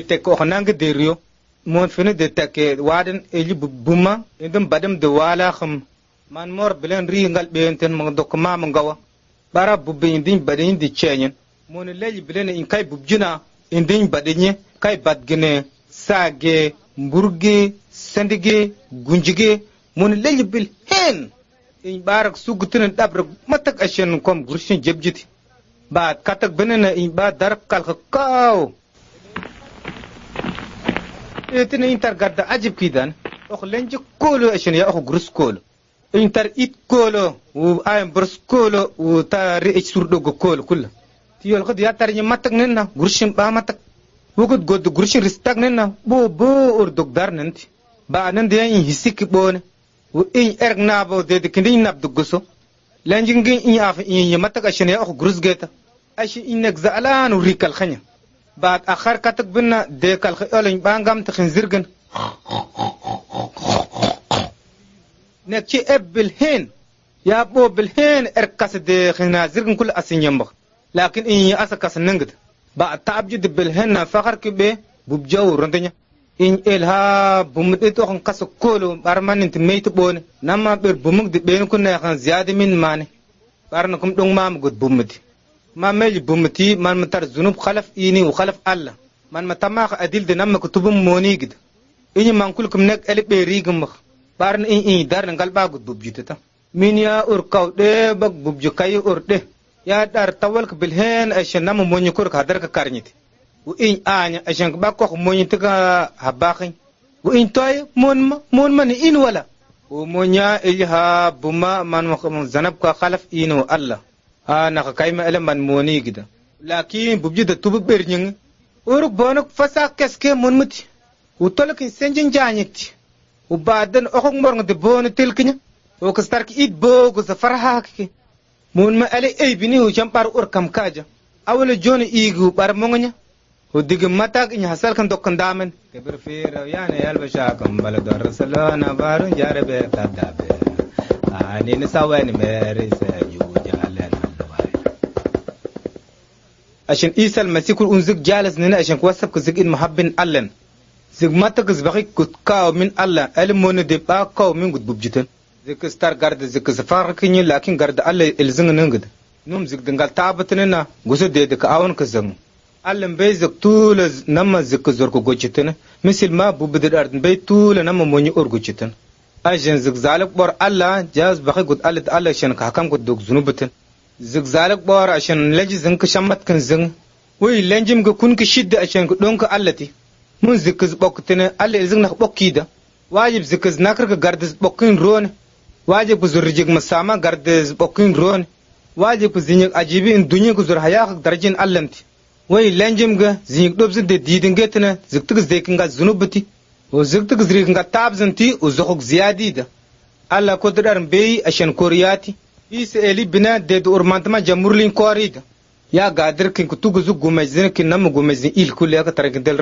de oxnangi diryo mon fini de take waden eli buma indum e badem de wala khum man mor bilen ri ngal benten mo dok ma mo gawa bara bubbe indin badin di chenyen mon leji bilen e in kai bubjina indin e badinye kai badgine sage mburge sendige gunjige mon leji bil hen in barak sugutin dabrak matak ashen kom gurshin jebjiti ba katak benena in ba dar kalka kaw tini intar garda ajib kidan ok lenji kolo ashin ya ok grus kolo intar it kolo u ayen brus kolo u ta ri ech surdo go kolo kulla ti yol ko ya tar ni matak nenna grushin ba matak wukud god grushin ristak nenna bo bo ur dar nenti ba nen de yin hisik bone wu in erg na bo de de kindin nab so lenji ngin in afa in ya matak ashin ya ok grus geta ashi in nek zaalan u rikal khanya baat akhar katak binna de kal kholoñ bangam taxin zirgin. Ne ci ebbil hen ya bobil hen er kas de khina zirgen kul asin yamba lakin in yi asa kas nangat ba a ta'abjid bil na fakhar ki be bub jaw rondanya in elha bumde to khan kas kolo barmanin te meyto bone namma ber bumug de ben kun na khan ziyadi min mane barna kum dong mam gut bumudi mameej bumti man matar zunub khalaf ini u khalaf alla man matama kha adil de namma kutubum moni monigid ini man kul kum nek elbe rigum barn in in dar ngal bagud bubjitata min ya ur kaw de bag bubju kay ur de ya dar tawal k bilhen ashan nam moni kur ka dar ka karnit u in anya ashan ba ko monyu tika habaqin u in toy mon mon man in wala u monya ilha buma man mo zanab ka khalaf inu alla naka kaima eleman moni gida lakin bubji da tubu birnin uruk bonuk fasa keske mun muti utolkin senjin janyikti ubadan okok morng de bonu tilkinya okistark id bogu za farhakki mun ma ale ei bini jampar ur kam kaja awle joni igu bar mongonya udig matak in hasal kan dokkan damen gebir fira yana yalba shakam bala dar barun jarabe tadabe ani ni sawani merise ashin isal masikul un zik jalas nina ashin kuwa sabka zik in muhabbin allan Zik mata ka baki kutkaw min allan alim mona de ba kaw min gud bubjitan zig star garda zig zafar kinyi lakin garda allah ilzin nin gud num zig dingal tabatinina gusu de de ka awon ka zang allan bai zig tula namma zig zorko gojitan misil ma bubdir ardin bai tula namma monyi orgojitan ashin zik zalik bor allah jaz baki gud allah allah shin ka hakam gud dog zunubutan zigzalik bawar shan lanji zin ka shan matkan zin wai lanjim ga kun ka shidda a ka don ka allati mun zikiz tana Allah zin na bokki da wajib zikiz nakar ka gardiz bokkin ruwan wajib ku sama masama gardiz bokkin ruwan wajib ku zinyik ajibi in dunya ku zur haya ka darjin allamti wai lanjim ga zinyik dobzin da didin zai ziktig zdekin ga zunubuti o ziktig zrikin ga tabzinti o zokuk ziyadi da Allah ko a bai koriya koriyati Isso eli libna de urmantma jamurlin corrida. Ya gadir kin kutuguzu gumezin kin namu gumezin il kulya ka tarigdel